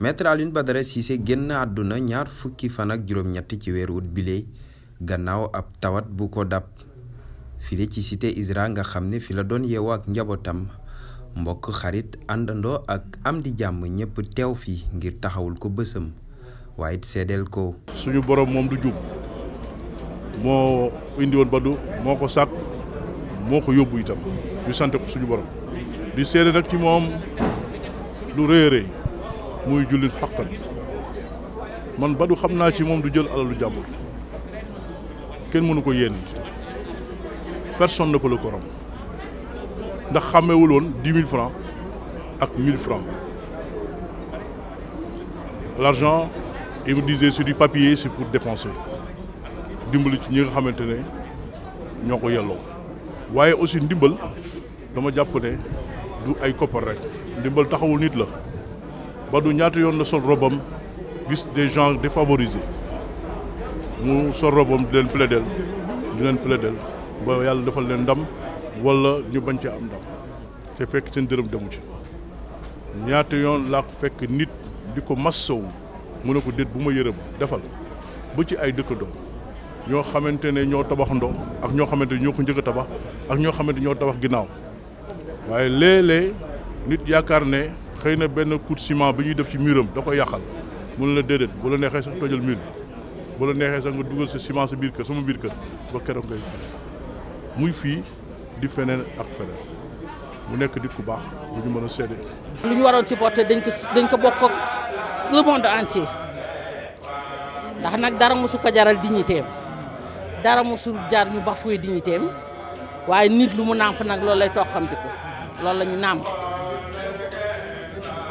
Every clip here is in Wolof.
maître Alioune Badara Cissé génn àdduna ñaar fukki fan ak juróom-ñett ci weeru bile gannaaw ab tawat bu ko dab file ci cité ISRA nga xam ne fi la doon yeewoo ak njabotam mbokk xarit àndandoo ak am di jàmm ñëpp teew fi ngir taxawul ko bësam waaye it seedeel ko. suñu borom moom du jub moo indi woon badu moo ko sàkk moo ñu ko suñu borom di seede nag ci moom lu rëy muy ne sais man si ci mom du jël alalu le ken mënu ko personne ne peut le corrompre ndax xamé francs ak 1.000 francs l'argent il me disait c'est du papier c'est pour dépenser dimbali ci ñi nga aussi dama ne du ay rek dimbal taxawul nit la ba du ñaata yoon la sol robam gis des gens défavorisés mu sol robam di leen plaidel di leen plaidel ba yàlla defal leen ndam wala ñu bañ gens am ndam te fekk seen dërëm demu ci des yoon laa ko fekk nit di ko massow ko déet bu ma defal ba ci ay dëkk doom ñoo xamante ne ñoo gens ak ñoo xamante ñoo ko njëkk tabax ak ñoo xamante ñoo tabax ginnaaw nit yaakaar xeyna ben coup de ciment bi ñuy def ci muram da koy yakal mu la dedet bu la nexé sax tojal mur bu la nexé sax nga duggal ci ciment sa biir kër sama biir kër ba keroog ngay muy fi di fenen ak feneen mu nek di ku bax bu ñu mëna a lu ñu waron supporter dañ ko dañ ko bokk ak le monde entier ndax nak dara su ko jaral dignité dara su jaar ñu bafoué dignité waye nit lu mu namp nak loolu lay toqamti ko ñu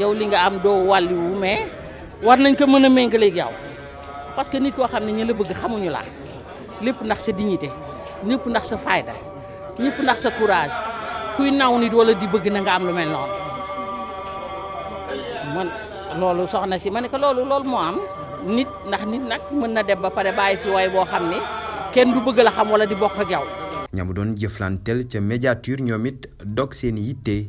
yow li nga am doo wàlliwu mais war nañ ko mën a méngaleeg yow parce que nit koo xam ne ñu la bëgg xamuñu la lépp ndax sa dignité ñëpp ndax sa fayda lépp ndax sa courage kuy naw nit wala di bëgg na nga am lu mel noonu man loolu soxna si ma ne loolu lool moo am nit ndax nit nag mën na dem ba pare bàyyi fi way boo xam ne kenn du bëgg la xam wala di bokk ak yow. ñamu doon jëflanteel ca médiature ñoom it dog seen yitte.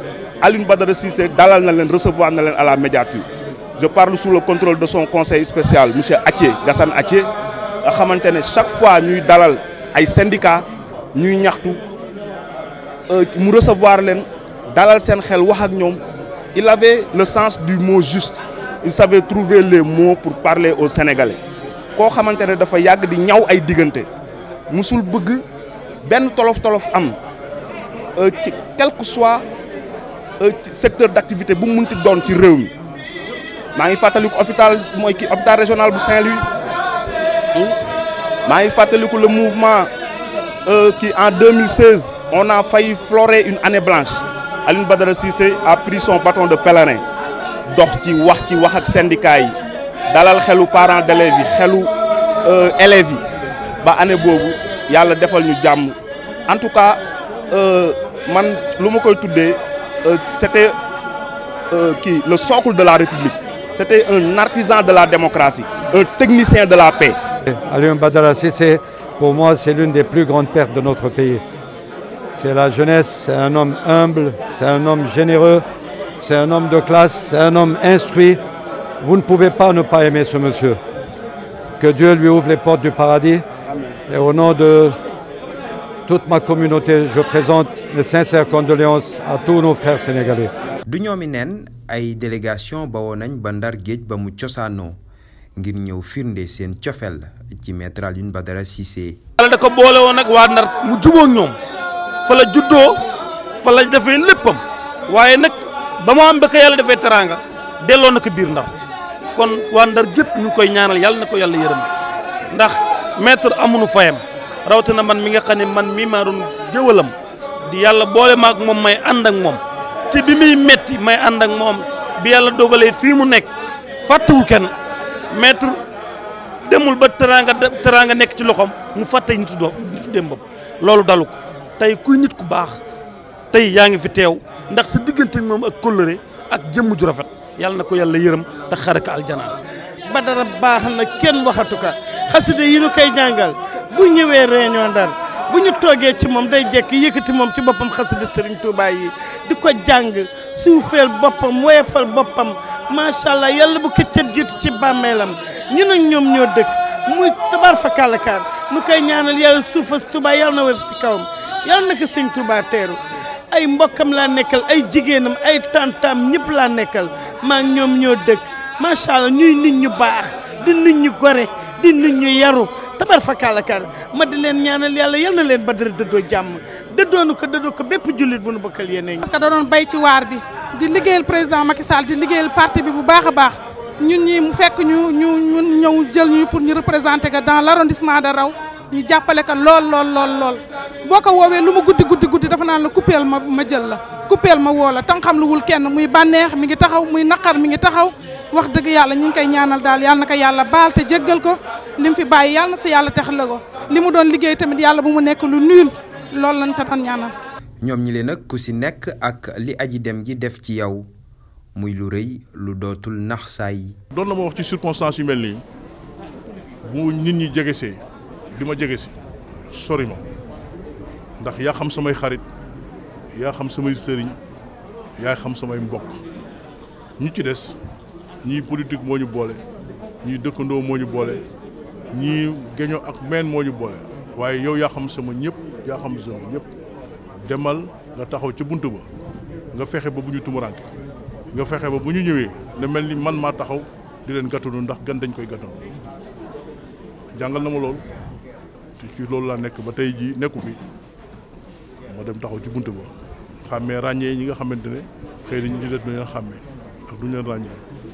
Aline Badara Cissé dalal na len recevoir na len à la médiature je parle sous le contrôle de son conseil spécial monsieur Athié Gassane Athié xamantene chaque fois ñuy dalal ay syndicats ñuy ñaxtu euh, mu recevoir len dalal sen xel wax ak ñom il avait le sens du mot juste il savait trouver les mots pour parler aux Sénégalais ko xamantene dafa yag di ñaw ay diggante musul bëgg ben tolof-tolof am euh, quel que soit euh, secteur d'activité bu qui donne doon ci réew mi maa ngi fàttaliku hôpital moy hôpital régional bu Saint-Louis hmm? ma ngi le mouvement euh, qui en 2016 on a failli fleurer une année blanche Aline Badara Cissé a pris son bâton de pèlerin dox ci wax ci wax ak syndicat yi dalal xelu parents d'élèves yi xelu euh, élèves yi ba année bobu yalla defal ñu jamm en tout cas man lu ma koy tuddee. Euh, c'était euh, qui le socle de la République. C'était un artisan de la démocratie, un technicien de la paix. Alioune Badara pour moi, c'est l'une des plus grandes pertes de notre pays. C'est la jeunesse, c'est un homme humble, c'est un homme généreux, c'est un homme de classe, c'est un homme instruit. Vous ne pouvez pas ne pas aimer ce monsieur. Que Dieu lui ouvre les portes du paradis. Et au nom de toute ma communauté je présente mes sincères condoléances à tous nos frères sénégalais. du ñoomi ay délégation bawoo nañ ba ndar géej ba mu cosaanoo ngir ñew firnde seen cofel ci maître Alioune Badara Cissé. Ala da ko bolé won nag wa ndar mu jubo ñom fa la juddo fa la defee léppam wayé nak ba mu am bëkk Yalla yàlla teranga teraanga nak na biir ndar kon wa ndar gépp ñu koy ñaanal Yalla nako Yalla yàlla yërëm ndax maître amuñu fayam. rawatina man mi nga xam ne man mii maa doon jëwalam di yàlla boole maak moom may ànd ak moom te bi muy metti may ànd ak moom bi yàlla dogalee fii mu nekk fàttewul kenn maître demul ba teraanga teraanga nekk ci loxoom mu fàtte nitu doo nitu démbam loolu dalu ko tey kuy nit ku baax tey yaa ngi fi teew ndax sa diggante moom ak kóllëre ak jëmm ju rafet yàlla na ko yàlla yërëm te xare ko aljanaa badara baax na kenn waxatu ka xasida yi ñu koy jàngal bu ñëwee réunion Ndar bu ñu toogee ci moom day jekk yëkkati moom ci boppam xasida Serigne Touba yi di ko jàng suufeel boppam woyefal boppam macha allah yàlla bu këccët jiitu ci bàmmeelam ñu nag ñoom ñoo dëkk muy tabar fa kàllakaar nu koy ñaanal yàlla suufas Touba yàlla na woyof si kawam yàlla na ko Serigne teeru ay mbokkam laa nekkal ay jigéenam ay tantam ñëpp laa nekkal maa ngi ñoom ñoo dëkk macha allah ñuy nit ñu baax di nit ñu gore di nit ñu yaru tabar fakkaala kar ma di leen ñaanal yàlla yal na leen Badara dëddoo jàmm dëddoonu ko dëddoo ko bépp jullit bu nu bokkal yéen parce que da doon bay ci waar bi di liggéeyal président Macky Sall di liggéeyal parti bi bu baax a baax ñun ñi mu fekk ñu ñu ñun ñëw jël ñu pour ñu représenter ko dans l' arrondissement de Raw ñu jàppale ko lool lool lool lool boo ko woowee lu mu guddi guddi guddi dafa naan la coupeel ma ma jël la coupeel ma woo la tan xam lu wul kenn muy bànneex mi ngi taxaw muy naqar mi ngi taxaw wax dëgg yàlla ñu ngi koy ñaanal daal yàlla naka yàlla baal te jéggal ko li mu fi bàyyi yàlla na si yàlla tax la ko li mu doon liggéey tamit yàlla bu mu nekk lu nuyul loolu la ko doon ñaanal. ñoom ñi leen nag ku si nekk ak li aji dem ji def ci yow muy lu rëy lu dootul nax saa yi. doon na ma wax ci circonstance yu mel nii bu nit ñi jege see di ma jege si sori ma ndax yaa xam samay xarit yaa xam samay sëriñ yaa xam samay mbokk ñi ci des. ñi politique moñu bolé ñi ñii moñu bolé ñi gëño ak men moñu bolé waye yow ya xam sama ñëpp ya xam sama ñëpp demal nga taxaw ci buntu ba nga fexé ba buñu ñu tumuranke nga fexé ba buñu ñëwé ñëwee ne mel man ma taxaw di leen gàttanu ndax gën dañ koy gàttanu jangal na ma lool ci ci lool la nek ba tay ji neku fi ma dem taxaw ci buntu ba xamé ñi nga xamantene ñu di ak duñu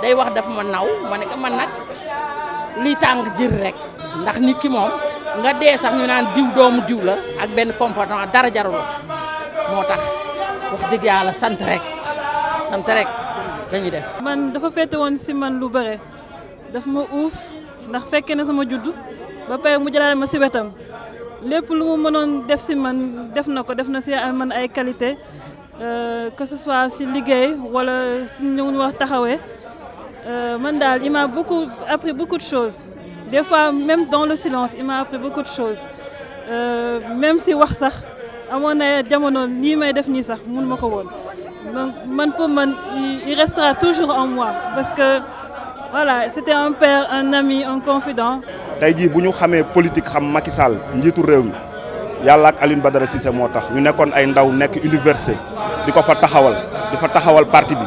day wax daf ma naw mané ko man nak li tang jir rek ndax nit ki mom nga dé sax ñu naan diw doomu diw la ak ben comportement dara jarul moo wax dëgg yàlla sant rek sant rek dañu def. man dafa fété won si man lu béré daf ma ouf ndax fekke na sama judd ba pay mu jëlaale ma si wétam lépp lu mu mënon def si man def nako def na si man ay qualité euh, que ce soit si liggéey wala si ñu wax taxawé Euh, Mandal, il m'a beaucoup appris beaucoup de choses. Des fois, même dans le silence, il m'a appris beaucoup de choses. Euh, même si wax sax amoon na jamono nii may def nii sax ma ko donc man pour man il restera toujours en moi parce que voilà c'était un père un ami un confident. Taïdi, jii bu politique xam Macky Sall njiitu réew mi yàlla ak Aline Badara Cissé moo tax ñu nekkoon ay ndaw nekk université di fa taxawal di taxawal parti bi.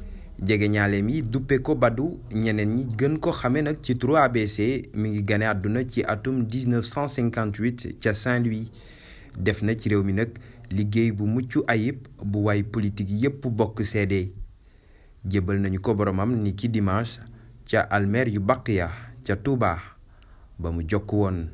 jege ñaaleem yi duppe ko Badou ñeneen ñi gën ko xamee nag ci turu ABC mi ngi gane àdduna ci atum 1958 ca Saint-Louis def na ci réew mi nag liggéey bu mucc ayib bu way politique yépp bokk seede jébbal nañu ko boromam ni ki dimanche ca almer yu ya ca Touba ba mu jokk woon